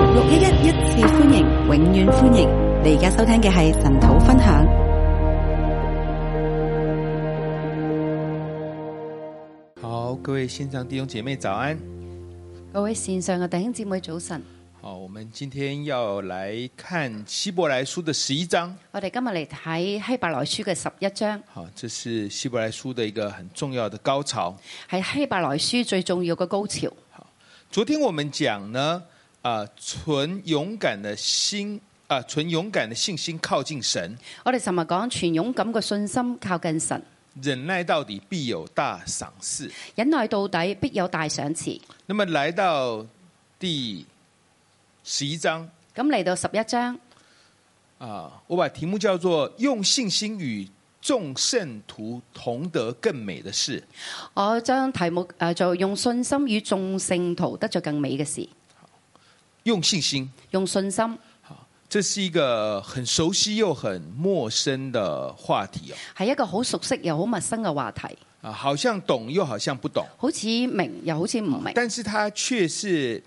六一一一次歡迎，永遠歡迎！你而家收聽嘅係神土分享。好，各位綫上弟兄姐妹早安，各位綫上嘅弟兄姊妹早晨。好，我們今天要來看希伯來書的十一章。我哋今日嚟睇希伯來書嘅十一章。好，這是希伯來書的一個很重要的高潮，係希伯來書最重要嘅高潮。好，昨天我們講呢，啊，存、呃、勇敢的心，啊、呃，存勇敢的信心靠近神。我哋尋日講存勇敢嘅信心靠近神，忍耐到底必有大賞賜。忍耐到底必有大賞賜。那麼來到第十一章，咁嚟到十一章，啊、呃，我把題目叫做用信心與眾聖徒同得更美的事。我將題目誒、呃、就用信心與眾聖徒得咗更美嘅事。用信心，用信心，好，這是一個很熟悉又很陌生的話題哦，係一個好熟悉又好陌生嘅話題啊，好像懂又好像不懂，好似明又好似唔明，但是他確實，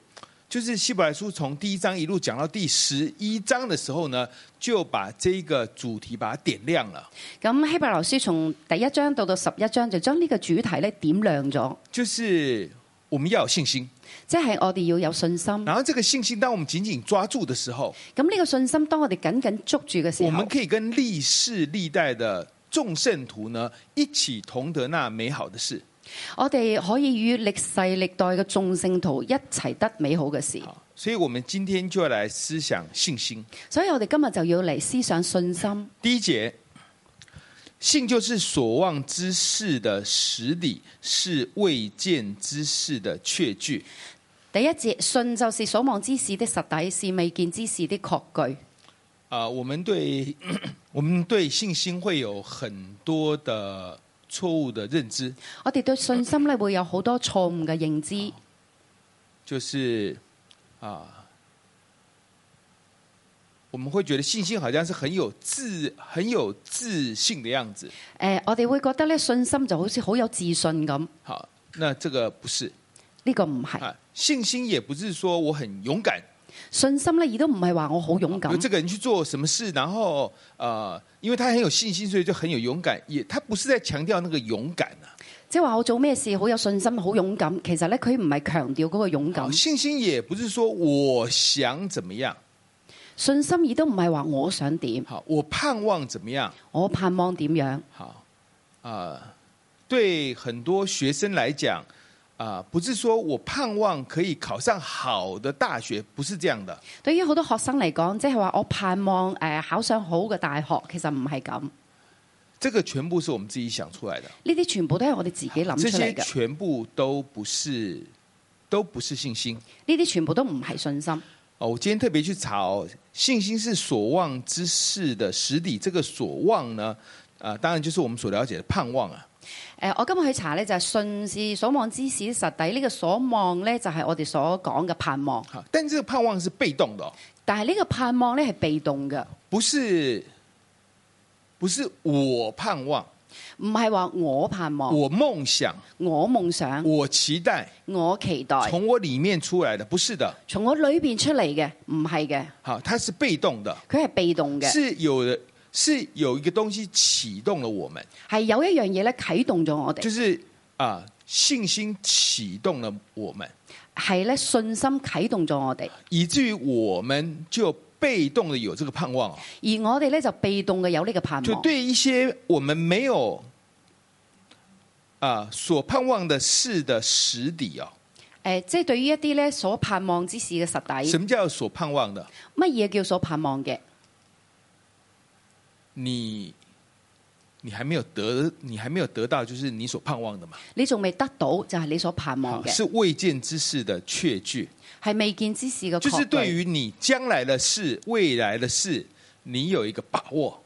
就是希伯來書從第一章一路講到第十一章嘅時候呢，就把這個主題把它點亮了。咁希伯來書從第一章到到十一章就將呢個主題咧點亮咗，就是我們要有信心。即係我哋要有信心。然後，這個信心，當我們緊緊抓住的時候，咁呢個信心，當我哋緊緊捉住嘅時候，我們可以跟歷世歷代的眾聖徒呢，一起同得那美好的事。我哋可以與歷世歷代嘅眾聖徒一齊得美好嘅事。所以，我們今天就要嚟思想信心。所以我哋今日就要嚟思想信心。第一節，信就是所望之事的實理，是未見之事的確據。第一節，信就是所望之事的實底，是未見之事的確據。啊、呃，我們對我們對信心會有很多的錯誤的認知。我哋對信心咧會有好多錯誤嘅認知，呃、就是啊、呃，我們會覺得信心好像是很有自、很有自信的樣子。誒、呃，我哋會覺得咧，信心就好似好有自信咁。好、呃，那這個不是，呢個唔係。啊信心也不是說我很勇敢，信心呢，亦都唔係話我好勇敢。有這個人去做什麼事，然後，呃，因為他很有信心，所以就很有勇敢。也，他不是在強調那個勇敢啊，即係話我做咩事好有信心、好勇敢。其實呢，佢唔係強調嗰個勇敢。信心也不是說我想怎麼樣，信心亦都唔係話我想點。好，我盼望怎麼樣？我盼望點樣？好，呃，對很多學生來講。啊，不是說我盼望可以考上好的大學，不是這樣的。對於好多學生嚟講，即係話我盼望誒考上好嘅大學，其實唔係咁。這個全部是我們自己想出來的。呢啲全部都係我哋自己諗出嚟嘅。全部都不是，都不是信心。呢啲全部都唔係信心。哦，我今天特別去查，信心是所望之事的實底，這個所望呢？當然就是我們所了解的盼望啊。誒，我今日去查咧就係信是所望之事，實底呢，這個所望咧就係我哋所講嘅盼望。但係呢個盼望是被動嘅，但係呢個盼望咧係被動嘅，不是，不是我盼望，唔係話我盼望，我夢想，我夢想，我期待，我期待，從我裏面出來嘅，不是的，從我裏邊出嚟嘅，唔係嘅。好，它是被動的，佢係被動嘅，是有人。是有一個東西啟動了我們，係有一樣嘢咧啟動咗我哋，就是啊，信心啟動了我們，係咧信心啟動咗我哋，以至於我們就被動地有這個盼望，而我哋咧就被動嘅有呢個盼望，就對一些我們沒有啊所盼望的事的實底啊，誒、呃，即係對於一啲咧所盼望之事嘅實底，什麼叫所盼望的？乜嘢叫所盼望嘅？你你還沒有得，你還沒有得到，就是你所盼望的嘛。你仲未得到，就係你所盼望嘅。是未見之事的確據。係未見之事嘅。就是對於你將來的事、未來的事，你有一個把握。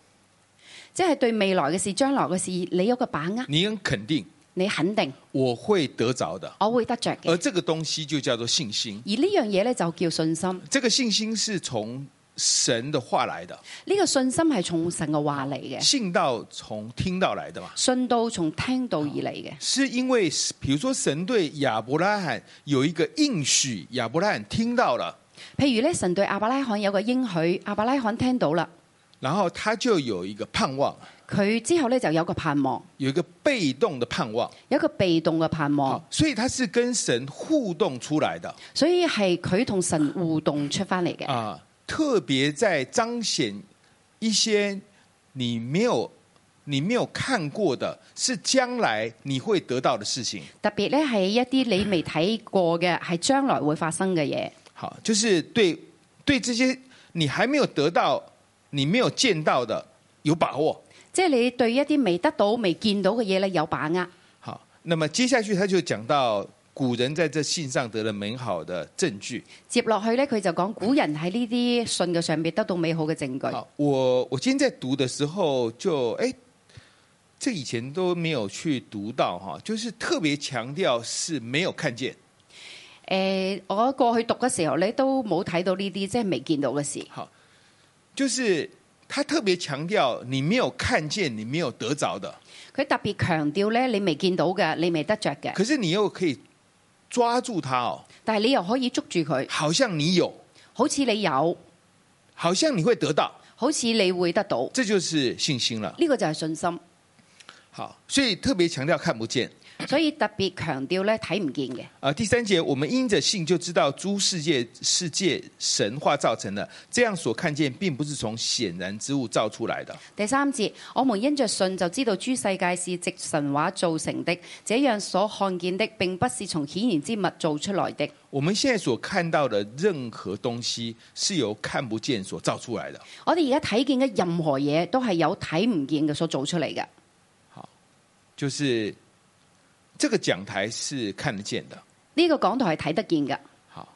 即係對未來嘅事、將來嘅事，你有個把握。你肯定，你肯定，你肯定，我會得着的，我會得着嘅。而這個東西就叫做信心，而呢樣嘢咧就叫信心。這個信心是從，神的話來的，呢個信心係從神嘅話嚟嘅，信道從聽到來的嘛，信道從聽到而嚟嘅。是因為，譬如說神對亞伯拉罕有一個應許，亞伯拉罕聽到了。譬如咧，神對亞伯拉罕有個應許，亞伯拉罕聽到了，然後他就有一個盼望。佢之後咧就有個盼望，有一個被動的盼望，有一個被動的盼望，所以他是跟神互動出來的。所以係佢同神互動出翻嚟嘅啊。特別在彰顯一些你沒有你沒有看過的，是將來你會得到的事情。特別呢係一啲你未睇過嘅，係將唉來會發生嘅嘢。好，就是對對，這些你還沒有得到、你沒有見到的有把握。即係你對一啲未得到、未見到嘅嘢呢，有把握。好，那麼接下去他就講到。古人在這信上得了美好的證據。接落去呢，佢就講古人喺呢啲信嘅上邊得到美好嘅證據。我我今天在讀嘅時候就誒、欸，這以前都沒有去讀到哈，就是特別強調是沒有看見。誒、欸，我過去讀嘅時候咧都冇睇到呢啲，即係未見到嘅事。好，就是他特別強調你沒有看見，你沒有得着的。佢特別強調咧，你未見到嘅，你未得着嘅。可是你又可以，抓住它哦，但係你又可以捉住佢，好像你有，好似你有，好像你會得到，好似你會得到，這就是信心了。呢個就係信心。好，所以特別強調看不見。所以特別強調咧，睇唔見嘅。啊，第三節，我們因着信就知道諸世界世界神話造成的，這樣所看見並不是從顯然之物造出來的。第三節，我們因着信就知道諸世界是藉神話造成的，這樣所看見的並不是從顯然之物造出來的。我們現在所看到的任何東西是由看不見所造出來的。我哋而家睇見嘅任何嘢都係由睇唔見嘅所做出嚟嘅。好，就是。這個講台是看得見的，呢個講台係睇得見的。好，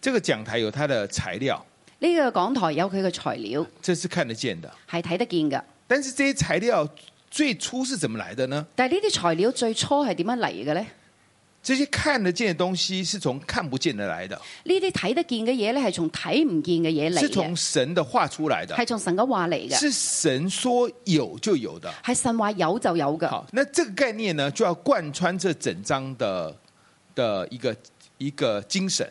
這個講台有它的材料，呢個講台有佢嘅材料，這是看得見的，係睇得見噶。但是這些材料最初是怎麼來的呢？但係呢啲材料最初係點樣嚟嘅咧？這些看得見的東西是從看不見的來的。呢啲睇得見嘅嘢咧，係從睇唔見嘅嘢嚟嘅。是從神嘅話出嚟嘅，係從神嘅話嚟嘅。是神說有就有的，係神話有就有嘅。好，那這個概念呢，就要貫穿這整章的的一個一個精神。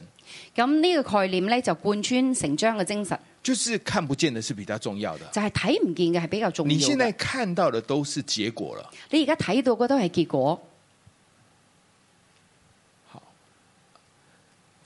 咁呢個概念咧，就貫穿成章嘅精神。就是看不見的是比較重要嘅，就係睇唔見嘅係比較重要的。你現在看到的都是結果了，你而家睇到嘅都係結果。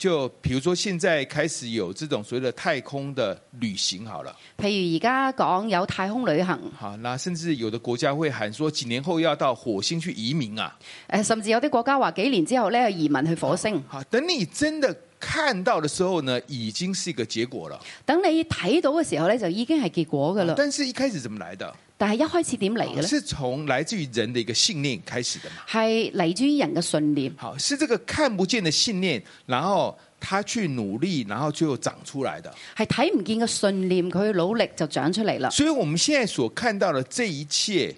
就，譬如說，現在開始有這種所謂的太空的旅行，好了。譬如而家講有太空旅行，好，那甚至有的國家會喊說，幾年後要到火星去移民啊。呃、甚至有啲國家話幾年之後呢移民去火星。等你真的看到的時候呢，已經是一個結果了。等你睇到嘅時候呢就已經係結果噶啦、哦。但是一開始怎麼來的？但係一開始點嚟嘅呢？是從來自於人的一個信念開始的，係來自於人嘅信念。好，是這個看不見的信念，然後他去努力，然後最後長出來的。係睇唔見嘅信念，佢努力就長出嚟啦。所以我們現在所看到的這一切，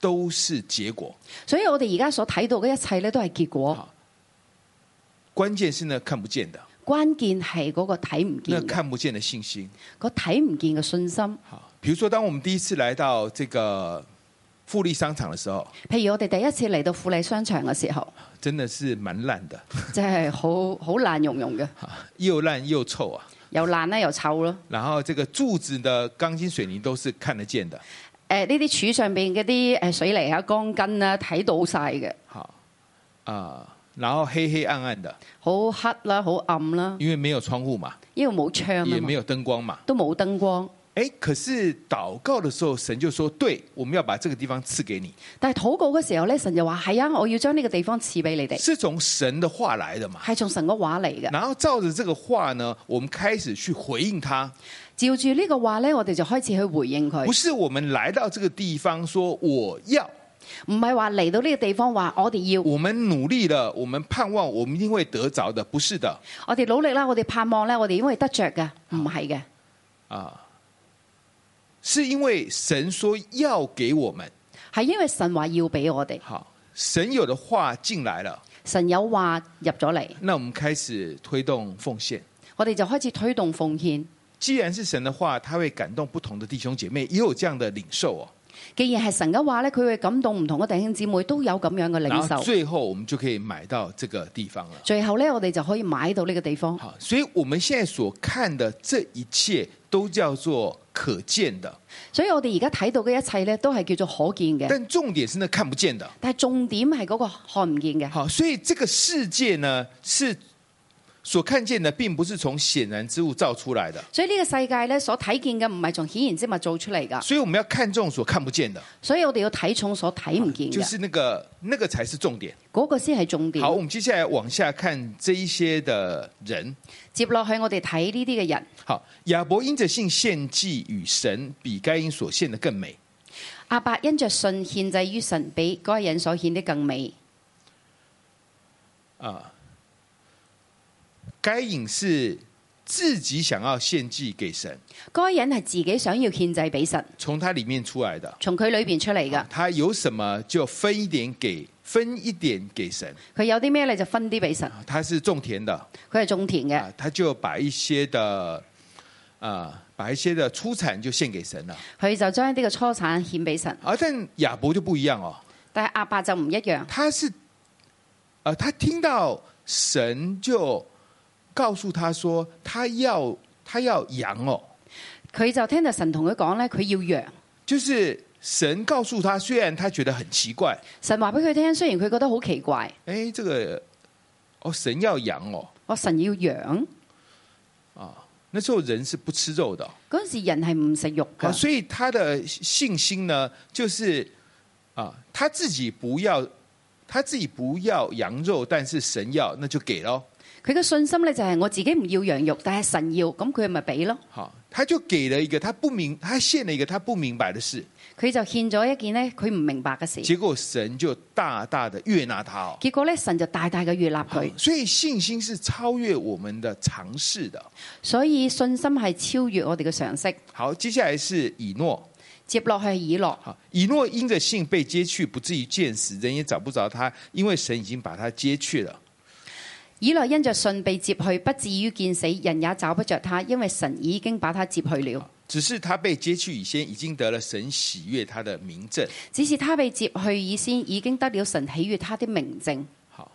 都是結果。所以我哋而家所睇到嘅一切咧，都係結果。關鍵是呢，看不見的。關鍵係嗰個睇唔見，那個看不見的信心，個睇唔見嘅信心。譬如說，當我們第一次來到這個富麗商場的時候，譬如我哋第一次嚟到富麗商場嘅時候，真的是蠻爛的，即係好好爛融融嘅，爛融融的又爛又臭啊，又爛啦又臭咯、啊。然後，這個柱子的鋼筋水泥都是看得見的。誒、呃，呢啲柱上邊嗰啲誒水泥啊鋼筋啊，睇到晒嘅。好啊、呃，然後黑黑暗暗的，好黑啦，好暗啦，因為沒有窗戶嘛，因為冇窗，也沒有燈光嘛，沒有光嘛都冇燈光。可是禱告的時候，神就說：對，我們要把這個地方賜給你。但係禱告嘅時候咧，神就話：係啊，我要將呢個地方賜俾你哋。是從神的話來的嘛？係從神個話嚟嘅。然後照着這個話呢，我們開始去回應他。照住呢個話呢，我哋就開始去回應佢。不是我們來到這個地方說我要，唔係話嚟到呢個地方話我哋要。我們努力了，我們盼望，我們一定會得着的，不是的。我哋努力啦，我哋盼望咧，我哋因為得着嘅，唔係嘅，啊。是因為神說要給我們，係因為神話要俾我哋。好，神有的話進來了，神有話入咗嚟，那我們開始推動奉獻，我哋就開始推動奉獻。既然是神的話，他會感動不同的弟兄姐妹，也有這樣的領受哦。既然係神嘅話咧，佢會感動唔同嘅弟兄姊妹都有咁樣嘅領受。然後最後我們就可以買到這個地方啦。最後呢，我哋就可以買到呢個地方。好，所以我們現在所看的這一切。.都叫做可見的，所以我哋而家睇到嘅一切咧，都係叫做可見嘅。但重點是，那看不見的。但係重點係嗰個看不見嘅。好，所以這個世界呢是。所看見的並不是從顯然之物造出來的，所以呢個世界咧所睇見嘅唔係從顯然之物做出嚟噶，所以我們要看重所看不見的，所以我哋要睇重所睇唔見嘅，啊，就是那個那個才是重點，嗰個先係重點。好，我們接下來往下看這一些的人，接落去我哋睇呢啲嘅人。好，亞伯因着信獻祭與神，比該因所獻的更美。阿，啊，伯因着信獻祭於神，比該人所獻的更美。啊。該人是自己想要獻祭給神，該人係自己想要獻祭俾神，從他裏面出來的，從佢裏邊出來的，他有什麼就分一點給，分一點給神，佢有啲咩咧就分啲俾神，他是種田的，佢係種田嘅，他就把一些的，把一些的初產就獻給神啦，佢就將一啲嘅初產獻俾神，啊，但亞伯就不一樣哦，但係亞伯就唔一樣，他是，啊，他聽到神就。告訴他說他，他要他要羊哦。佢就聽到神同佢講咧，佢要羊。就是神告訴他，雖然他覺得很奇怪。神話俾佢聽，雖然佢覺得好奇怪。哎、欸，這個哦，神要羊哦。哦，神要羊。哦、要啊，那時候人是不吃肉的。嗰陣時人係唔食肉噶、啊，所以他的信心呢，就是啊，他自己不要，他自己不要羊肉，但是神要，那就給咯。佢嘅信心呢，就係我自己唔要羊肉，但係神要，咁佢咪俾咯。好，他就給了一個，他不明，他獻了一個他不明白的事。佢就獻咗一件呢，佢唔明白嘅事。結果神就大大的悅納他。結果呢，神就大大嘅悅納佢。所以信心是超越我們的常識的。所以信心係超越我哋嘅常識。好，接下來是以諾，接落去以諾。以諾因着信被接去，不至於見死人，也找不着他，因為神已經把他接去了。以諾因着信被接去，不至於見死，人也找不着他，因為神已經把他接去了。只是他被接去以先，已經得了神喜悦他的名證。只是他被接去以先，已經得了神喜悦他的名證。好，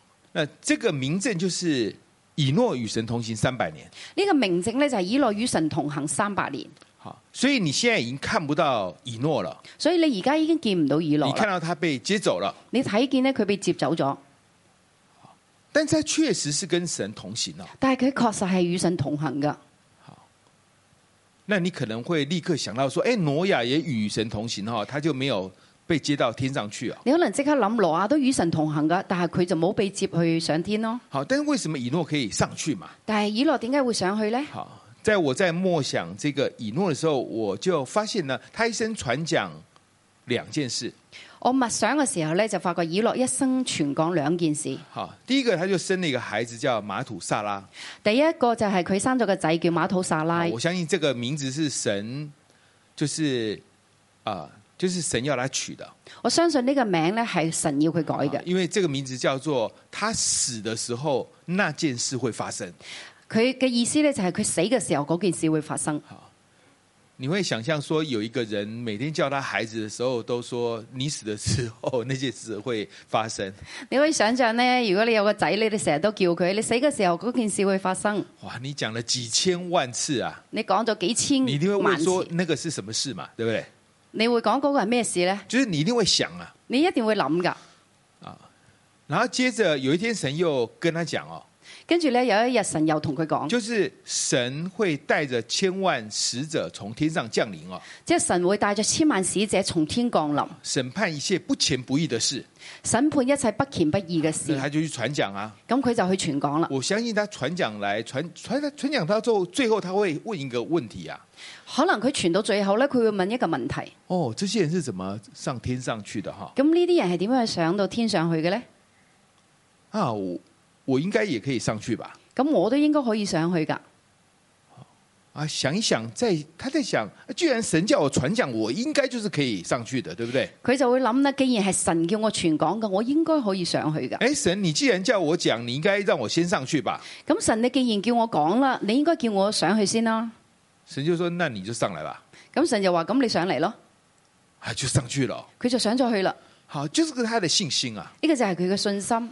這個名證就是以諾與神同行三百年。呢個名證呢，就係以諾與神同行三百年。所以你現在已經看不到以諾了。所以你而家已經見唔到以諾，你看到他被接走了。你睇見呢，佢被接走咗。但他確實是跟神同行啊、哦，但係佢確實係與神同行噶。好，那你可能會立刻想到說，哎、欸，挪亞也與神同行哈、哦，他就沒有被接到天上去啊、哦？你可能即刻諗挪亞都與神同行噶，但係佢就冇被接去上天咯、哦。好，但是為什麼以諾可以上去嘛？但是以諾點解會上去呢？好，在我在默想這個以諾的時候，我就發現呢，他一生傳講。兩件事，我默想嘅時候呢，就發覺以諾一生全講兩件事。哈，第一個，他就生了一個孩子叫馬土薩拉。第一個就係佢生咗個仔叫馬土薩拉。我相信這個名字是神，就是啊、呃，就是神要佢取的。我相信呢個名呢係神要佢改嘅，因為這個名字叫做他死的時候那件事會發生。佢嘅意思呢，就係佢死嘅時候嗰件事會發生。你會想象說，有一個人每天叫他孩子的時候，都說你死的時候那些事會發生。你會想象呢，如果你有個仔，你哋成日都叫佢，你死嘅時候嗰件事會發生。哇！你講了幾千萬次啊！你講咗幾千，你一定會說那個是什麼事嘛？對不對？你會講嗰個係咩事呢？就是你一定會想啊，你一定會諗噶。然後接着有一天神又跟他講哦。跟住咧，有一日神又同佢講，就是神會帶着千萬使者從天上降臨啊！即係神會帶着千萬使者從天降臨，審判一切不虔不義的事，審判一切不虔不義嘅事。他就去傳講啊。咁佢就去傳講啦，啊。講，我相信他傳講來傳傳，傳講到最後，最後他會問一個問題啊！可能佢傳到最後呢，佢會問一個問題。哦，這些人是怎麼上天上去的，啊？哈！咁呢啲人係點樣上到天上去嘅呢？啊！啊我應該也可以上去吧？咁我都應該可以上去噶。啊，想一想，在他在想，既然神叫我傳講，我應該就是可以上去的，對不對？佢就會諗啦，既然係神叫我傳講嘅，我應該可以上去噶。誒，神，你既然叫我講，你應該讓我先上去吧。咁神，你既然叫我講啦，你應該叫我上去先啦。神就說：那你就上來吧。咁神就話：咁你上嚟咯。啊，就上去了。佢就上咗去啦。好，就係佢嘅信心啊。呢個就係佢嘅信心。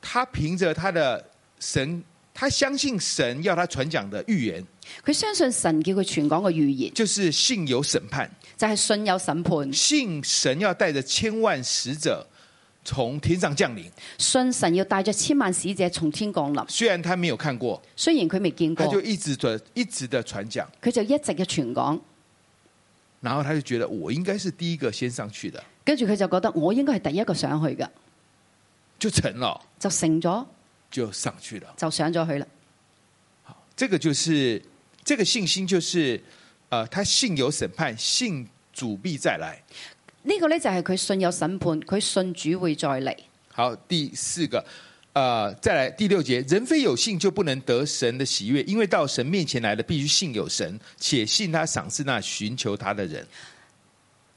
他憑着他的神，他相信神要他傳講的預言。佢相信神叫佢傳講嘅預言。就是信有審判，就係信有審判。信神要帶着千萬使者從天上降臨，信神要帶着千萬使者從天降臨。雖然他沒有看過，雖然佢未見過，他就一直傳，一直的傳講，佢就一直嘅傳講。然後他就覺得我應該是第一個先上去的，跟住佢就覺得我應該係第一個上去嘅。就，就成了，就成咗，就上去了，就上咗去了。好，這個就是這個信心，就是，呃，他信有審判，信主必再來。呢個呢，就是佢信有審判，佢信主會再嚟。好，第四個，呃，再來第六節，人非有信就不能得神的喜悅，因為到神面前來的必須信有神，且信他賞賜那尋求他的人。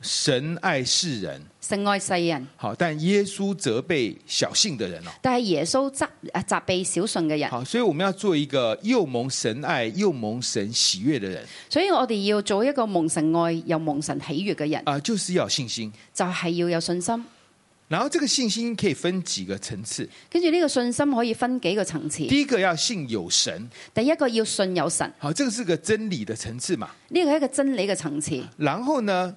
神愛世人，神愛世人。好，但耶穌責備小信的人咯、哦。但係耶穌責誒責備小信嘅人。好，所以我們要做一個又蒙神愛又蒙神喜悦的人。所以我哋要做一個蒙神愛又蒙神喜悦嘅人。啊，就是要有信心，就係要有信心。然後，這個信心可以分幾個層次。跟住呢個信心可以分幾個層次。第一個要信有神，第一個要信有神。好，這個是個真理的層次嘛？呢個係一個真理嘅層次。然後呢？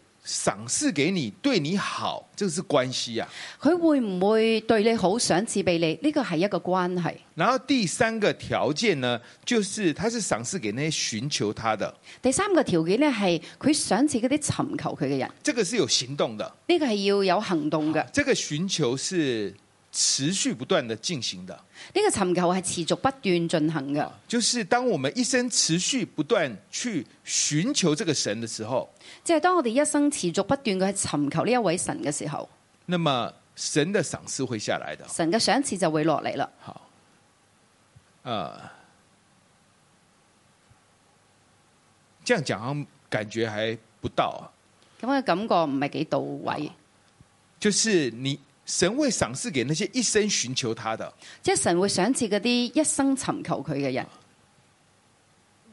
賞賜給你，對你好，這是關係啊。佢會唔會對你好，賞賜俾你？呢個係一個關係。然後第三個條件呢，就是他是賞賜給那些尋求他的。第三個條件呢係佢賞賜嗰啲尋求佢嘅人。這個是有行動的。呢個係要有行動嘅。這個尋求是。持續不斷的進行的，呢個尋求係持續不斷進行㗎。就是當我們一生持續不斷去尋求這個神的時候，即係當我哋一生持續不斷去尋求呢一位神嘅時候，那麼神的賞賜會下來的，神嘅賞賜就會落嚟啦。好，啊，這樣講感覺還不到啊，咁嘅感覺唔係幾到位，就是你。神會賞賜給那些一生尋求他的，即係神會賞賜嗰啲一生尋求佢嘅人。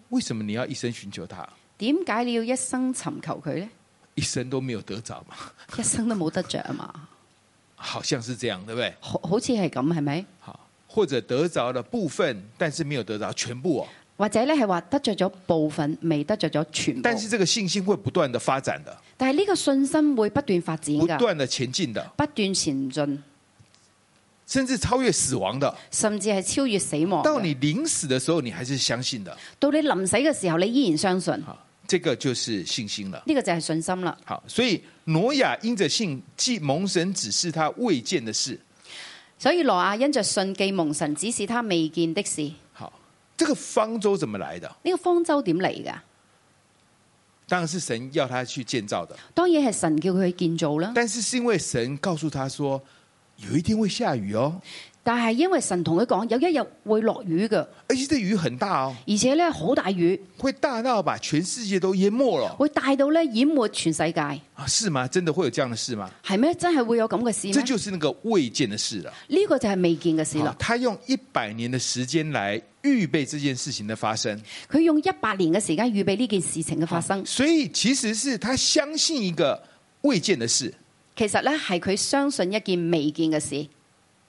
為什麼你要一生尋求他？點解你要一生尋求佢呢？一生都沒有得着嘛，一生都冇得着啊嘛 ，好像是這樣，對不對？好似係咁，係咪？好，或者得着了部分，但是沒有得着全部啊，哦。或者咧係話得着咗部分，未得着咗全部。但是這個信心會不斷的發展的。但係呢個信心會不斷發展，不斷的前進的，不斷前進，前甚至超越死亡的，甚至係超越死亡。到你臨死的時候，你還是相信的。到你臨死嘅時候，你依然相信。這個就是信心了，呢個就係信心啦。好，所以挪亞因着信，既蒙因信既蒙神指示他未見的事，所以挪亞因着信既蒙神指示他未見的事。這個方舟怎麼來的？呢個方舟點嚟㗎？當然是神要他去建造的。當然是神叫佢去建造啦。但是，是因為神告訴他說，有一天會下雨哦。但係因為神同佢講，有一日會落雨嘅，而且啲雨很大哦，而且咧好大雨，會大到把全世界都淹沒了，會大到咧淹沒全世界，啊，是嗎？真的會有這樣的事嗎？係咩？真係會有咁嘅事？這就是那個未見的事啦，呢個就係未見嘅事啦。他用一百年的時間來預備這件事情的發生，佢用一百年嘅時間預備呢件事情嘅發生，所以其實是他相信一個未見的事，其實咧係佢相信一件未見嘅事。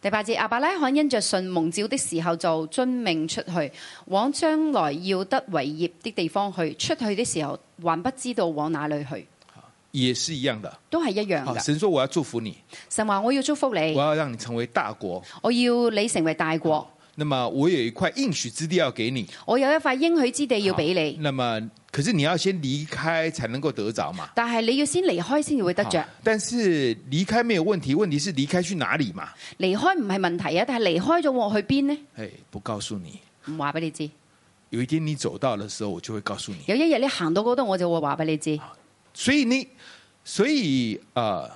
第八節，阿伯拉罕因着信蒙召的時候，就遵命出去，往將來要得為業的地方去。出去的時候還不知道往哪裏去，也是一樣的，都係一樣嘅、哦。神說我要祝福你，神話我要祝福你，我要讓你成為大國，我要你成為大國。哦、那麼我有一塊應許之地要給你，我有一塊應許之地要俾你。那麼。可是你要先離開才能夠得着嘛？但係你要先離開先會得着。但是離開沒有問題，問題是離開去哪裏嘛？離開唔係問題啊，但係離開咗我去邊呢？Hey, 不告訴你。唔話俾你知。有一天你走到的時候，我就會告訴你。有一日你行到嗰度，我就會話俾你知。所以你，所以啊、呃，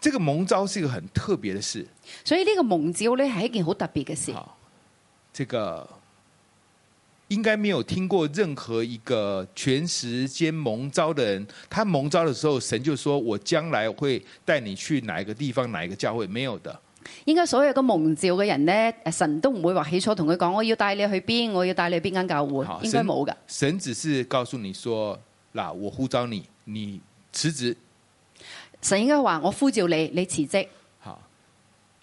這個蒙召是一個很特別的事。所以呢個蒙召呢，係一件很特別的好特別嘅事。這個。應該沒有聽過任何一個全時間蒙召的人，他蒙召的時候，神就說：“我將來會帶你去哪一個地方，哪一個教會？”沒有的。應該所有個蒙召嘅人呢，神都唔會話起初同佢講：“我要帶你去邊，我要帶你去邊間教會。好”應該冇嘅。神只是告訴你說：“嗱，我呼召你，你辭職。”神應該話：“我呼召你，你辭職。”好，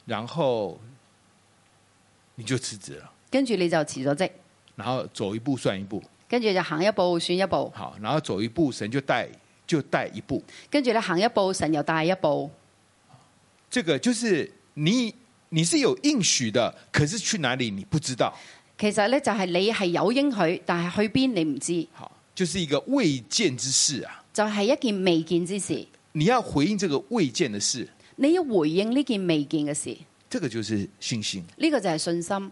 然後你就辭職了。跟住你就辭咗職。然後走一步算一步，跟住就行一步算一步。好，然後走一步，神就帶就帶一步。跟住你行一步，神又帶一步。這個就是你你是有應許的，可是去哪裏你不知道。其實呢，就係你係有應許，但係去邊你唔知。好，就是一個未見之事啊，就係一件未見之事。你要回應這個未見的事，你要回應呢件未見嘅事。這個就是信心，呢個就係信心。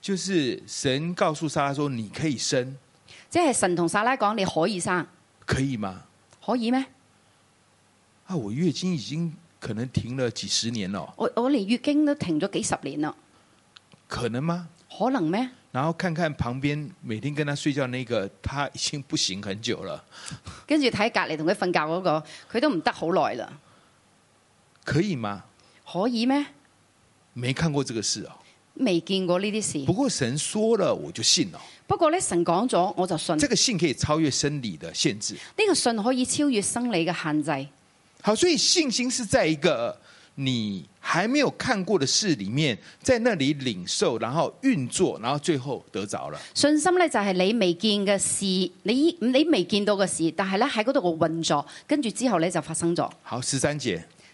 就是神告訴撒拉說，你可以生，即係神同撒拉講你可以生，可以嗎？可以咩？啊，我月經已經可能停了幾十年了。我我連月經都停咗幾十年了。可能嗎？可能咩？然後看看旁邊每天跟他睡覺那個，他已經不行很久了。跟住睇隔籬同佢瞓覺嗰個，佢都唔得好耐啦。可以嗎？可以咩？沒看過這個事。未見過呢啲事，不過神說了我就信咯。不過呢，神講咗我就信。這個信可以超越生理的限制，呢個信可以超越生理嘅限制。好，所以信心是在一個你還沒有看過的事裏面，在那裏領受，然後運作，然後最後得着了。信心呢，就係你未見嘅事，你你未見到嘅事，但係呢，喺嗰度我運作，跟住之後呢，就發生咗。好，十三節。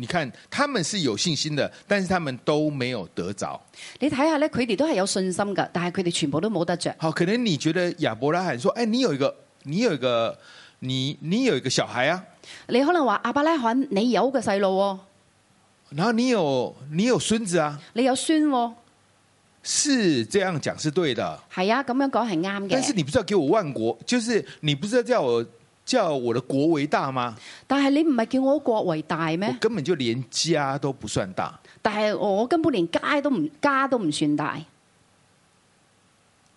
你看他們是有信心的，但是他們都沒有得着。你睇下咧，佢哋都係有信心嘅，但係佢哋全部都冇得着。好，可能你覺得亞伯拉罕說：，誒、哎，你有一個，你有一個，你你有一個小孩啊？你可能話亞伯拉罕，你有個細路，然後你有你有孫子啊？你有孫，啊？是這樣講是對的。係啊，咁樣講係啱嘅。但是你不知道給我萬國，就是你不知道叫我。叫我的國為大嗎？但係你唔係叫我國為大咩？我根本就連家都不算大。但係我根本連街都唔，家都唔算大。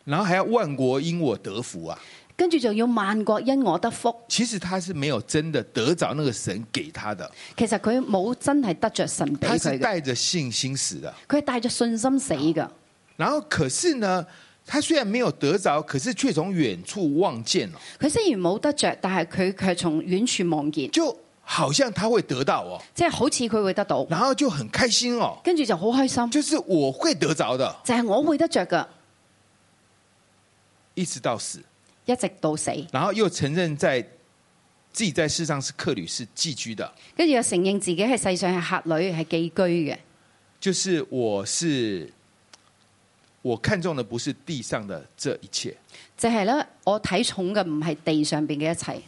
然後還要萬國因我得福啊！跟住就要萬國因我得福。其實他是沒有真的得着那個神給他的。其實佢冇真係得着神，佢係帶着信心死的。佢係帶咗信心死噶。然後可是呢？他雖然沒有得着，可是卻從遠處望見咯。佢雖然冇得着，但係佢卻從遠處望見。就好像他會得到哦，即係好似佢會得到，然後就很開心哦。跟住就好開心，就是我會得着的，就係我會得着噶，一直到死，一直到死。然後又承認在自己在世上是客旅，是寄居的。跟住又承認自己係世上係客旅，係寄居嘅。就是我是。我看中的不是地上的這一切，就係呢。我睇重嘅唔係地上邊嘅一切。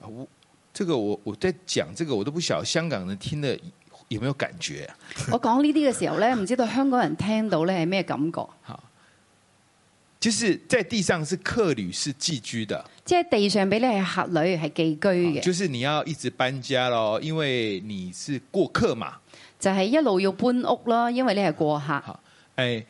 我，這個我我在講這個，我都不曉得香港人聽的有沒有感覺。我講呢啲嘅時候呢，唔 知道香港人聽到呢係咩感覺。好，就是在地上是客旅，是寄居的。即係地上俾你係客旅，係寄居嘅，就是你要一直搬家咯，因為你是過客嘛。就係一路要搬屋啦，因為你係過客好，誒、哎，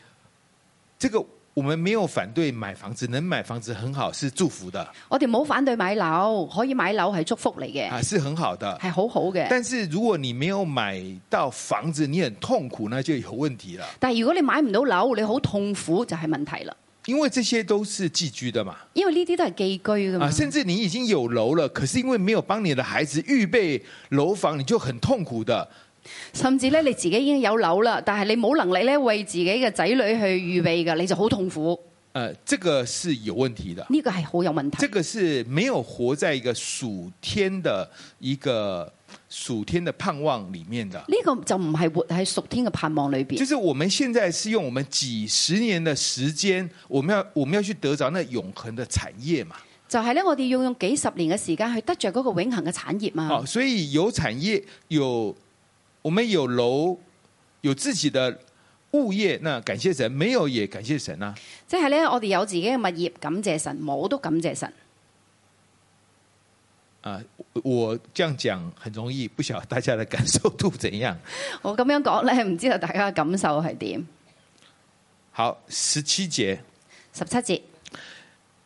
這個我們沒有反對買房子，能買房子很好，是祝福的。我哋冇反對買樓，可以買樓係祝福嚟嘅，係、啊、是很好的，係好好嘅。但是如果你沒有買到房子，你很痛苦，那就有問題了。但係如果你買唔到樓，你好痛苦就係、是、問題了。因為這些都是寄居的嘛，因為呢啲都係寄居嘅嘛、啊，甚至你已經有樓了，可是因為沒有幫你的孩子預備樓房，你就很痛苦的。甚至咧，你自己已經有樓啦，但係你冇能力咧為自己嘅仔女去預備嘅，你就好痛苦。誒、呃，這個是有問題的。呢個係好有問題的。這個是沒有活在一個屬天的一個屬天的盼望裏面的。呢個就唔係活喺屬天嘅盼望裏邊。就是我們現在是用我們幾十年的時間，我們要我們要去得着那永恆的產業嘛？就係咧，我哋要用幾十年嘅時間去得着嗰個永恆嘅產業嘛？哦，所以有產業有。我們有樓有自己的物業，那感謝神，沒有也感謝神啊！即係呢，我哋有自己嘅物業，感謝神，冇都感謝神。啊，我這樣講很容易，不曉得大家嘅感受度怎樣。我咁樣講咧，唔知道大家嘅感受係點。好，十七節，十七節。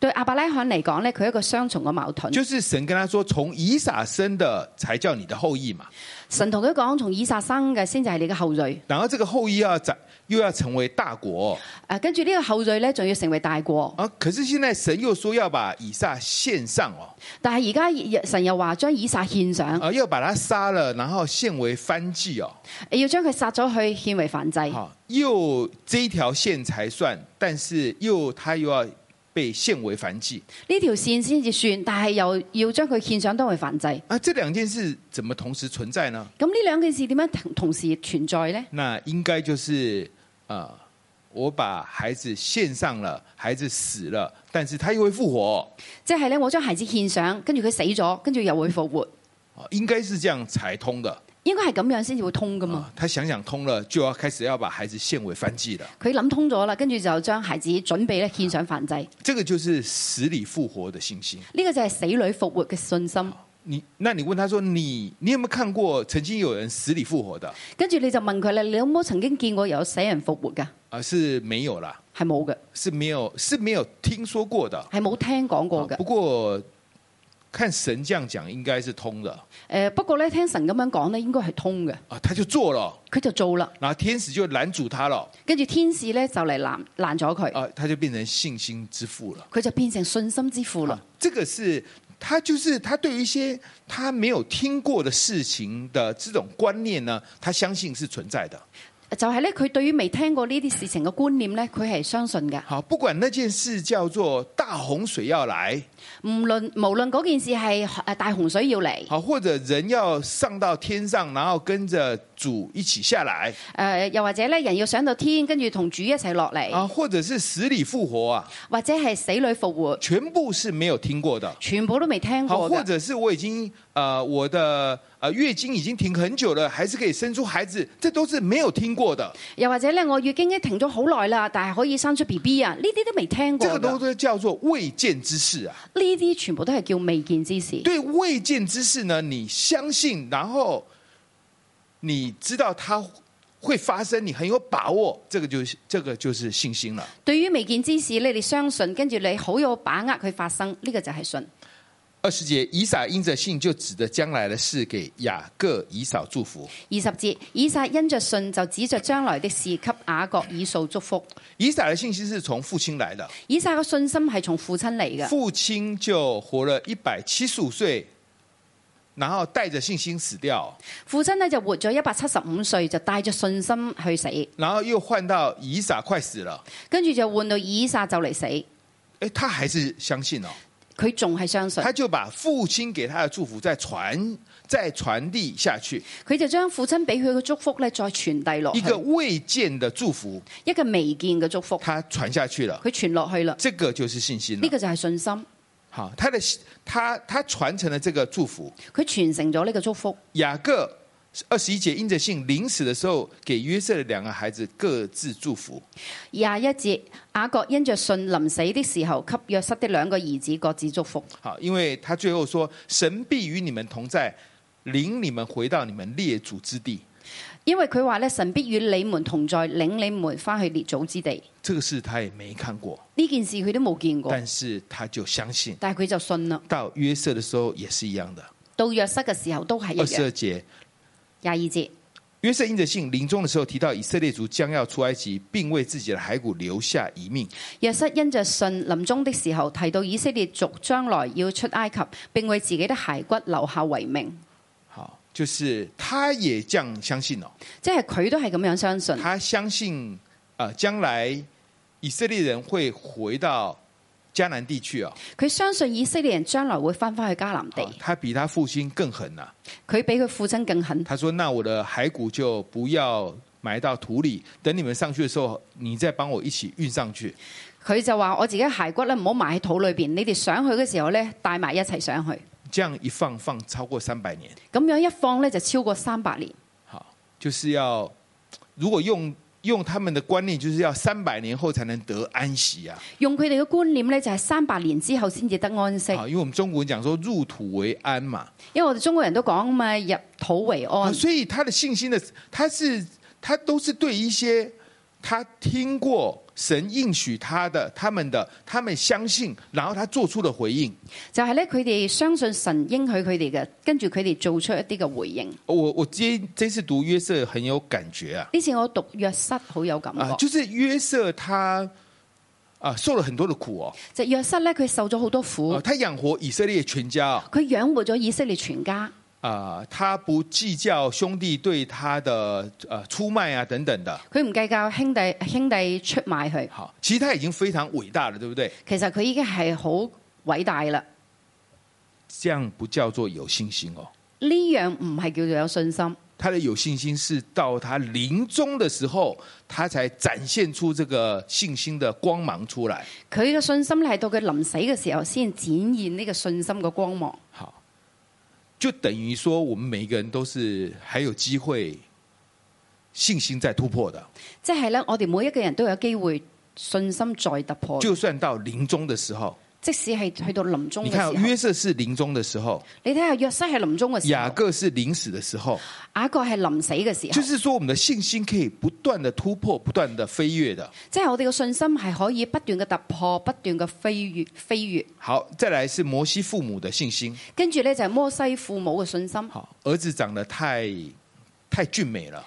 對阿伯拉罕嚟講呢，佢係一個雙重嘅矛盾。就是神跟他說，從以撒生的才叫你的後裔嘛。神同佢講，從以撒生嘅先至係你嘅後裔。然後，這個後裔要又要成為大國。誒、啊，跟住呢個後裔呢，仲要成為大國。啊，可是現在神又說要把以撒獻上哦。但係而家神又話將以撒獻上，啊，要把他殺了，然後獻為燔祭哦。要將佢殺咗去獻為燔祭，又呢一條線才算，但是又他又要。被獻為燔祭，呢條線先至算，但係又要將佢獻上當為燔祭啊，這兩件事怎麼同時存在呢？咁呢兩件事點樣同時存在咧？那應該就是啊、呃，我把孩子獻上了，孩子死了，但是他又會復活。即係咧，我將孩子獻上，跟住佢死咗，跟住又會復活。啊，應該是這樣才通的。應該係咁樣先至會通噶嘛、啊？他想想通了，就要開始要把孩子獻為燔祭的。佢諗通咗啦，跟住就將孩子準備咧獻上燔祭、啊。這個就是死裏復活的信心。呢個就係死裏復活嘅信心、啊。你，那你問他說，你你有冇有看過曾經有人死裏復活的？跟住你就問佢啦，你有冇曾經見過有死人復活噶？啊，是沒有啦，係冇嘅，是沒有，是沒有聽說過的，係冇聽講過嘅、啊。不過。看神這樣講，應該是通的。呃，不過呢，聽神咁樣講咧，應該是通嘅。啊，他就做了，佢就做啦，然後天使就攔住他了，跟住天使呢，就嚟攔攔咗佢。啊，他就變成信心之父了，佢就變成信心之父啦。啊，這個是，他就是他對一些他沒有聽過的事情的這種觀念呢，他相信是存在的。就係咧，佢對於未聽過呢啲事情嘅觀念咧，佢係相信嘅。好，不管那件事叫做大洪水要來，唔論無論嗰件事係誒大洪水要嚟，好，或者人要上到天上，然後跟着主一起下來。誒、呃，又或者咧，人要上到天，跟住同主一齊落嚟。啊，或者是死裏復活啊，或者係死裏復活，全部是沒有聽過的，全部都沒聽過的。好，或者是我已經，誒、呃，我的。.啊！月經已經停很久了，還是可以生出孩子，這都是沒有聽過的。又或者呢，我月經已經停咗好耐啦，但係可以生出 BB 啊。呢啲都未聽過。這個都都叫做未見之事啊！呢啲全部都係叫未見之事。對未見之事呢，你相信，然後你知道它會發生，你很有把握，這個就這個就是信心了。對於未見之事，你哋相信，跟住你好有把握佢發生，呢個就係信。二十節，以撒因着信就指着將來的事給雅各以掃祝福。二十節，以撒因着信就指着將來的事給雅各以掃祝福。以撒的信心，是從父親來的。以撒的信心係從父親嚟嘅。父親就活了一百七十五歲，然後帶着信心死掉。父親呢就活咗一百七十五歲，就帶着信心去死。然後又換到以撒快死了，跟住就換到以撒就嚟死。他還是相信哦。佢仲係相信，他就把父親給他的祝福再傳再傳遞下去。佢就將父親俾佢嘅祝福呢再傳遞落。一個未見的祝福，一個未見嘅祝福，他傳下去了，佢傳落去啦。這個就是信心，呢個就係信心。他的他他傳承了這個祝福，佢傳承咗呢個祝福。雅各。二十一節，因着信臨死的時候，給約瑟的兩個孩子各自祝福。廿一節，雅各因着信臨死的時候，給約瑟的兩個兒子各自祝福。好，因為他最後說，神必與你們同在，領你們回到你們列祖之地。因為佢話咧，神必與你們同在，領你們翻去列祖之地。這個事他也沒看過，呢件事佢都冇見過，但是他就相信，但係佢就信啦。到約瑟的時候也是一樣的，到約瑟嘅時候都係一樣。二十二節。廿二節，約瑟因着信臨終的時候，提到以色列族將要出埃及，並為自己的骸骨留下遺命。約瑟因着信臨終的時候，提到以色列族將來要出埃及，並為自己的骸骨留下遺命。好，就是他也這樣相信哦，即係佢都係咁樣相信。他相信啊，呃、將來以色列人會回到。迦南地區啊、哦，佢相信以色列人將來會翻翻去迦南地。他比他父親更狠啊，佢比佢父親更狠。他說，那我的骸骨就不要埋到土裏，等你們上去的時候，你再幫我一起運上去。佢就話，我自己的骸骨呢，唔好埋喺土裏邊，你哋上去嘅時候呢，帶埋一齊上去。這樣一放，放超過三百年。咁樣一放呢，就超過三百年。好，就是要如果用。用他們的觀念，就是要三百年後才能得安息啊！用佢哋嘅觀念呢，就係三百年之後先至得安息。因為我們中國人講說入土為安嘛，因為我哋中國人都講嘛，入土為安。啊，所以他的信心的，他是他都是對一些他聽過。神應許他的、他們的、他們相信，然後他做出了回應。就係咧，佢哋相信神應許佢哋嘅，跟住佢哋做出一啲嘅回應。我我今次讀約瑟很有感覺啊！呢次我讀約瑟好有感覺。就是約瑟，啊，就約瑟他受了很多的苦哦。就約失約瑟咧，佢受咗好多苦，他養活以色列全家，佢養活咗以色列全家。啊、呃！他不計較兄弟對他的出賣啊，等等的。佢唔計較兄弟兄弟出賣佢。其實他已經非常偉大了，對不對？其實佢已經係好偉大了。這樣不叫做有信心哦？呢樣唔係叫做有信心。他的有信心是到他臨終的時候，他才展現出這個信心的光芒出來。佢嘅信心咧係到佢臨死嘅時候先展現呢個信心嘅光芒。就等於說，我們每一個人都是還有機會信心在突破的，即係呢，我哋每一個人都有機會信心再突破，就算到臨終的時候。即使係去到臨終，你看約瑟是臨終的時候，你睇下約瑟係臨終嘅時候，雅各是臨死的時候，雅各係臨死嘅時候，就是說，我們的信心可以不斷的突破，不斷的飛躍的，即係我哋嘅信心係可以不斷嘅突破，不斷嘅飛躍，飛躍。好，再來是摩西父母的信心，跟住呢，就係摩西父母嘅信心。好，兒子長得太太俊美了。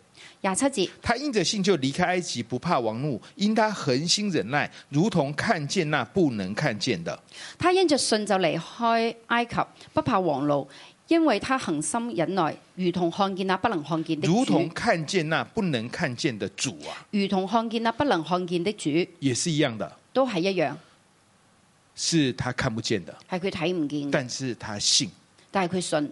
廿七節，他因着信就離開埃及，不怕王怒，因他恒心忍耐，如同看見那不能看見的。他因着信就離開埃及，不怕王怒，因為他恒心忍耐，如同看見那不能看見的主。如同看見那不能看見的主啊！如同看見那不能看見的主，也是一樣的，都係一樣，是他看不見的，係佢睇唔見，但是他信，但係佢信。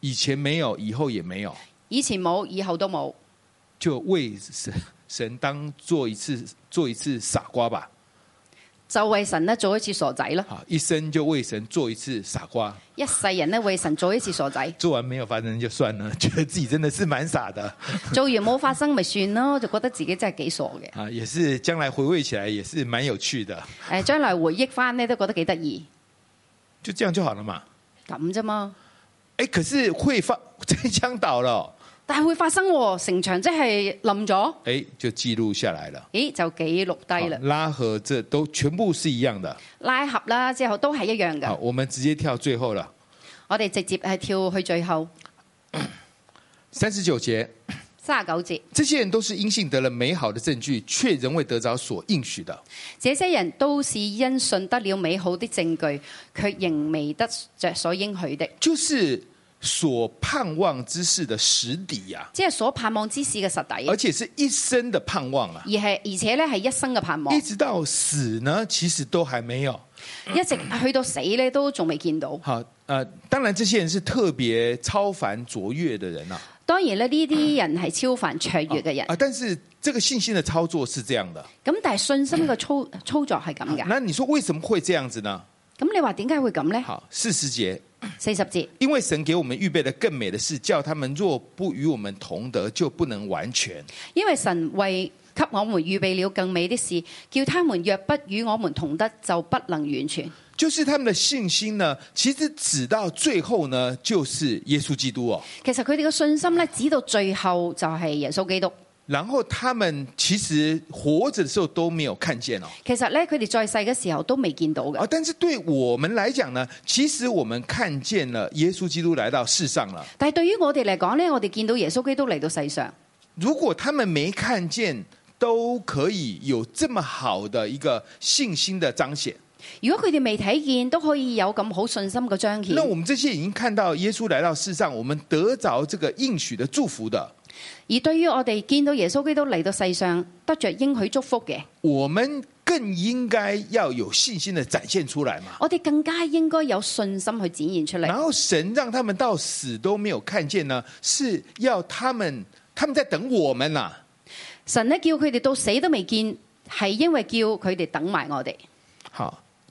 以前沒有，以後也沒有。以前冇，以後都冇。就為神神當做一次做一次傻瓜吧。就為神呢做一次傻仔咯。啊，一生就為神做一次傻瓜。一世人呢為神做一次傻仔。做完沒有發生就算啦，覺得自己真的是蠻傻的。做完冇發生咪算咯，就覺得自己真係幾傻嘅。啊， 也是將來回味起來也是蠻有趣的。誒、欸，將來回憶翻呢都覺得幾得意。就這樣就好了嘛。咁啫嘛。誒、欸，可是會發城牆倒咯、哦，但係會發生城牆即係冧咗。誒、欸，就記錄下來了。咦，就記錄低啦。拉合這都全部是一樣的。拉合啦之後都係一樣嘅。好，我們直接跳最後啦。我哋直接係跳去最後三十九節。卅九節，這些，這些人都是因信得了美好的證據，卻仍未得着所應許的。這些人都是因信得了美好的證據，卻仍未得着所應許的。就是所盼望之事的實底呀、啊，即係所盼望之事嘅實底，而且是一生的盼望啊！而係而且呢係一生嘅盼望，一直到死呢，其實都還沒有，嗯、一直去到死呢，都仲未見到。好、呃，當然，這些人是特別超凡卓越的人啦、啊。當然咧，呢啲人係超凡卓越嘅人。啊，但是這個信心的操作是這樣的。咁但係信心嘅操操作係咁噶。那你說為什麼會這樣子呢？咁你話點解會咁呢？好，四十節。四十節。因為神給我們預備的更美的事，叫他們若不與我們同得，就不能完全。因為神為給我們預備了更美的事，叫他們若不與我們同得，就不能完全。就是他們的信心呢，其實直到最後呢，就是耶穌基督哦。其實，佢哋嘅信心呢，直到最後就係耶穌基督。然後，他們其實活着的時候都沒有看見哦。其實呢，佢哋在世嘅時候都未見到的啊、哦，但是對我們來講呢，其實我們看見了耶穌基督來到世上了。但係，對於我哋嚟講呢，我哋見到耶穌基督嚟到世上。如果他們沒看見，都可以有這麼好的一個信心的彰顯。如果佢哋未睇見，都可以有咁好信心嘅彰顯。那我們這些人已經看到耶穌來到世上，我們得着這個應許的祝福的。而對於我哋見到耶穌基督嚟到世上得着應許祝福嘅，我們更應該要有信心的展現出來嘛。我哋更加應該有信心去展現出來。然後神讓他們到死都沒有看見呢，是要他們他們在等我們啊。神呢叫佢哋到死都未見，係因為叫佢哋等埋我哋。好。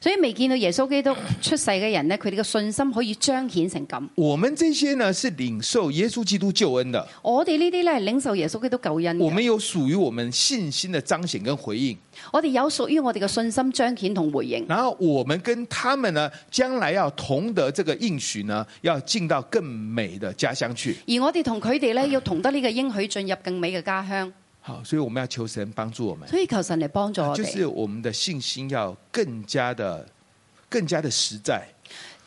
所以未見到耶穌基督出世嘅人呢，佢哋嘅信心可以彰顯成咁。我們這些呢，是領受耶穌基督救恩的。我哋呢啲咧，領受耶穌基督救恩的。我們有屬於我們信心的彰顯跟回應。我哋有屬於我哋嘅信心彰顯同回應。然後我們跟他們呢，將來要同得這個應許呢，要進到更美的家鄉去。而我哋同佢哋咧，要同得呢個應許，進入更美嘅家鄉。好，所以我們要求神幫助我們。所以求神嚟幫助我哋，就是我們的信心要更加的、更加的實在。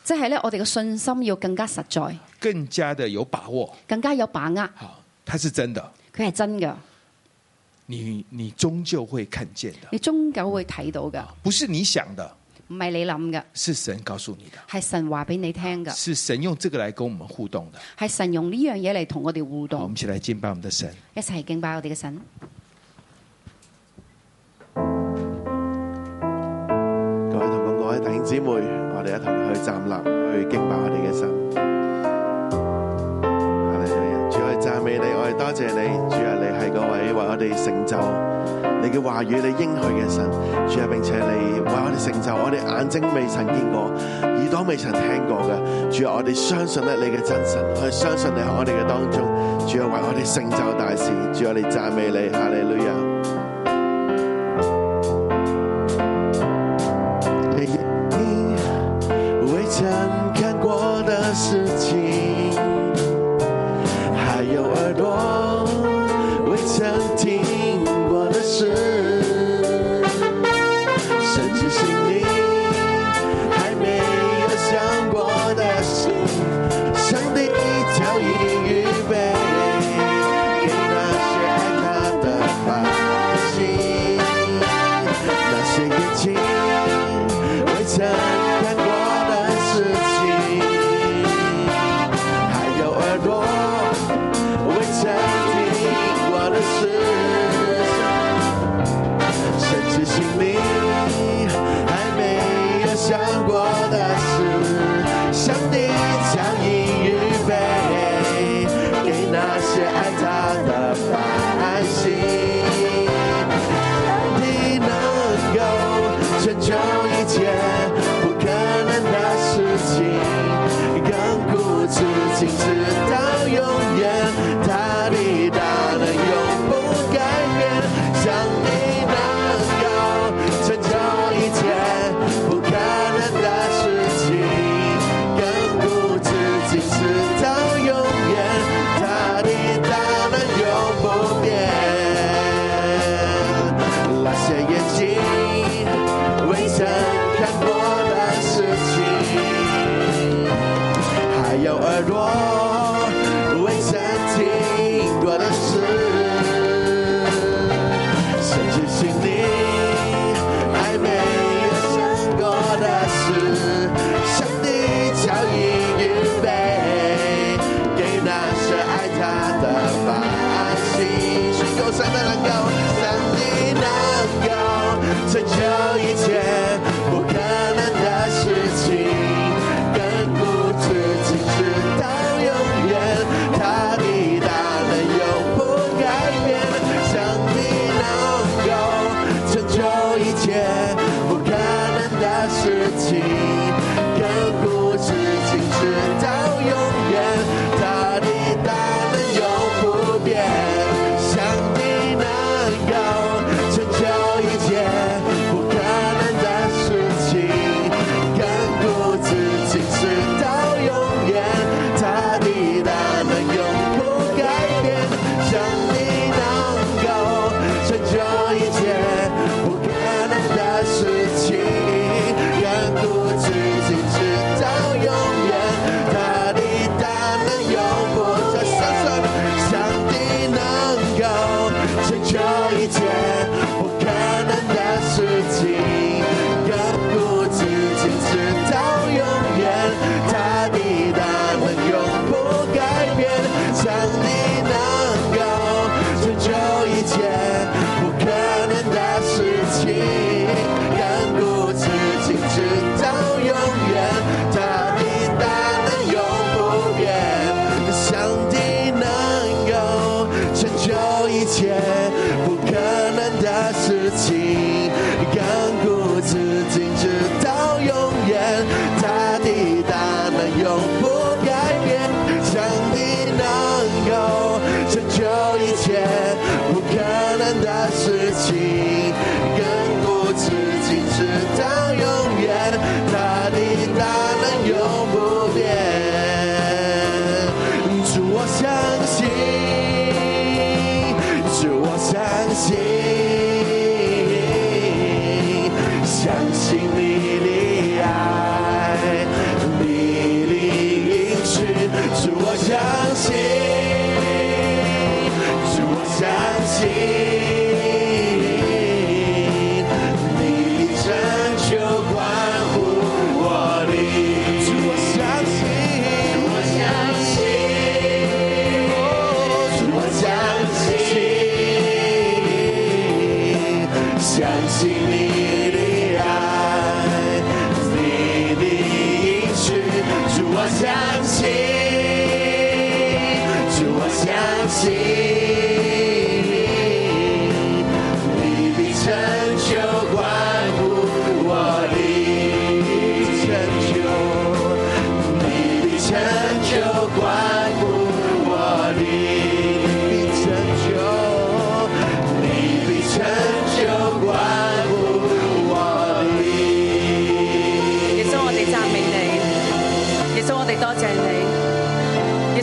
即係咧，我哋嘅信心要更加實在，更加的有把握，更加有把握。好，它是真的。佢係真嘅，你你終究會看見的。你終究會睇到嘅，不是你想的。唔係你諗嘅，是神告訴你的，係神話俾你聽嘅，是神，是神用這個嚟跟我們互動的，係神用呢樣嘢嚟同我哋互動。好，我們一起來敬拜我們的神，一齊敬拜我哋嘅神。各位同工、各位弟兄姊妹，我哋一同去站立，去敬拜我哋嘅神。為你，我哋多謝，謝你，主啊，你係嗰位為我哋成就你嘅話語、你應許嘅神，主啊，並且你為我哋成就我哋眼睛未曾見過、耳朵未曾聽過嘅，主啊，我哋相信咧你嘅真神，去相信你喺我哋嘅當中，主啊，為我哋成就大事，主啊，你讚美你，哈利路亞。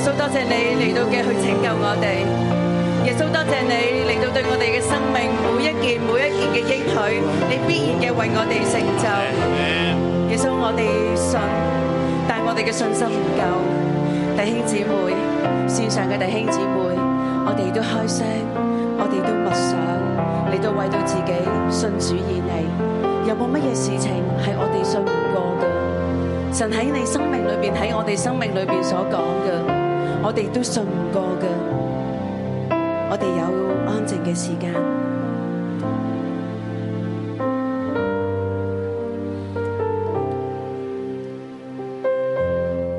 耶多謝，謝你嚟到嘅去拯救我哋，耶穌多謝，謝你嚟到對我哋嘅生命每一件每一件嘅應許，你必然嘅為我哋成就。耶穌，耶穌，我哋信，但係我哋嘅信心唔夠，弟兄姊妹，線上嘅弟兄姊妹，我哋都開聲，我哋都默想，嚟到為到自己信主以嚟，有冇乜嘢事情係我哋信唔過嘅？神喺你生命裏邊，喺我哋生命裏邊所講嘅。我哋都信唔過嘅，我哋有安靜嘅時間。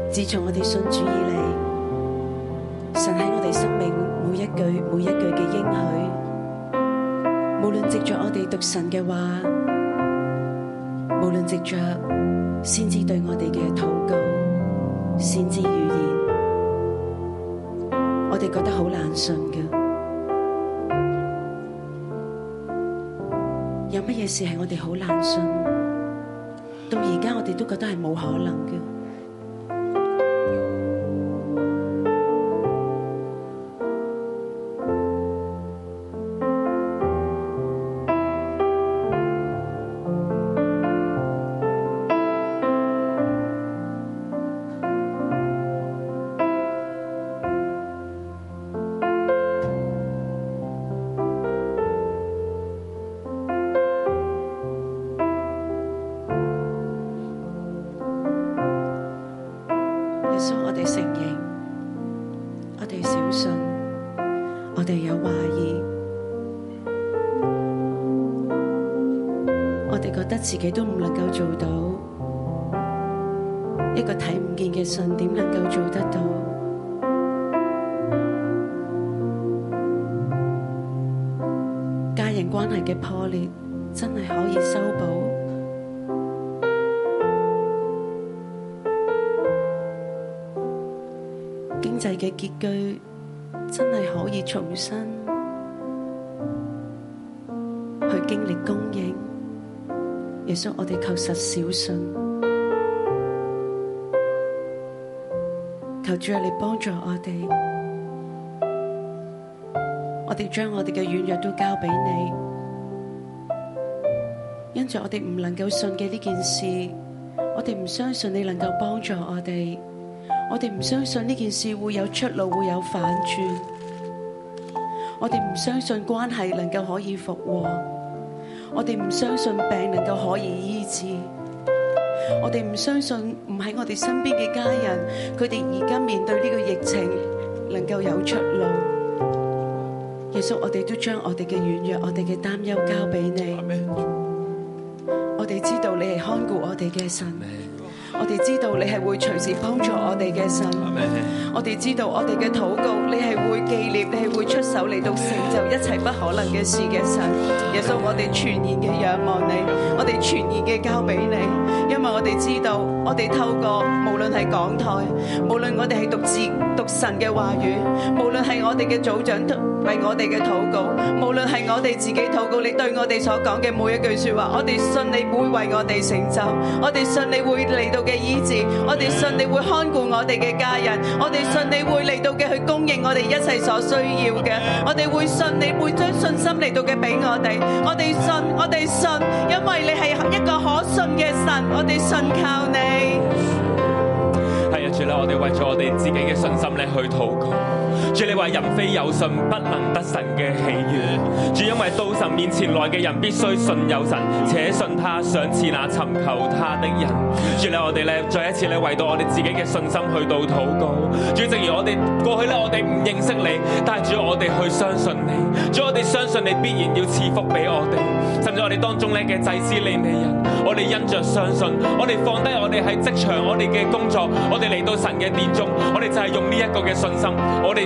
自從我哋信主以嚟，神喺我哋生命每一句每一句嘅應許，無論藉着我哋讀神嘅話，無論藉着先知對我哋嘅禱告，先知預言。你覺得好難信嘅，有乜嘢事係我哋好難信？到而家我哋都覺得係冇可能嘅。我哋覺得自己都唔能夠做到一個睇唔見嘅信，點能夠做得到？家人關係嘅破裂真係可以修補？經濟嘅拮據真係可以重新去經歷供應？耶穌，我哋求實小信，求主你幫助我哋，我哋將我哋嘅軟弱都交俾你。因着我哋唔能夠信嘅呢件事，我哋唔相信你能夠幫助我哋，我哋唔相信呢件事會有出路，會有反轉，我哋唔相信關係能夠可以復和。我哋唔相信病能夠可以醫治，我哋唔相信唔喺我哋身邊嘅家人，佢哋而家面對呢個疫情能夠有出路。耶穌，我哋都將我哋嘅軟弱、我哋嘅擔憂交畀你。我哋知道你係看顧我哋嘅神，我哋知道你係會隨時幫助我哋嘅神。 我哋知道，我哋嘅禱告，你係會紀念，你係會出手嚟到成就一切不可能嘅事嘅神。耶穌，我哋全然嘅仰望你，我哋全然嘅交俾你，因為我哋知道，我哋透過無論係講台，無論我哋係獨自讀神嘅話語，無論係我哋嘅組長。為我哋嘅禱告，無論係我哋自己禱告，你對我哋所講嘅每一句說話，我哋信你會為我哋成就，我哋信你會嚟到嘅醫治，我哋信你會看顧我哋嘅家人，我哋信你會嚟到嘅去供應我哋一切所需要嘅，我哋會信你會將信心嚟到嘅俾我哋，我哋信，我哋信，因為你係一個可信嘅神，我哋信靠你。係啊，主啊，我哋為咗我哋自己嘅信心咧去禱告。主，你話人非有信不能得神嘅喜悅，主因為到神面前來嘅人必須信有神，且信他賞賜那尋求他的人。主，你我哋咧，再一次咧為到我哋自己嘅信心去到禱告，主正如我哋過去咧我哋唔認識你，但主我哋去相信你，主我哋相信你必然要賜福俾我哋，甚至我哋當中咧嘅祭司利未人，我哋因着相信，我哋放低我哋喺職場我哋嘅工作，我哋嚟到神嘅殿中，我哋就係用呢一個嘅信心，我哋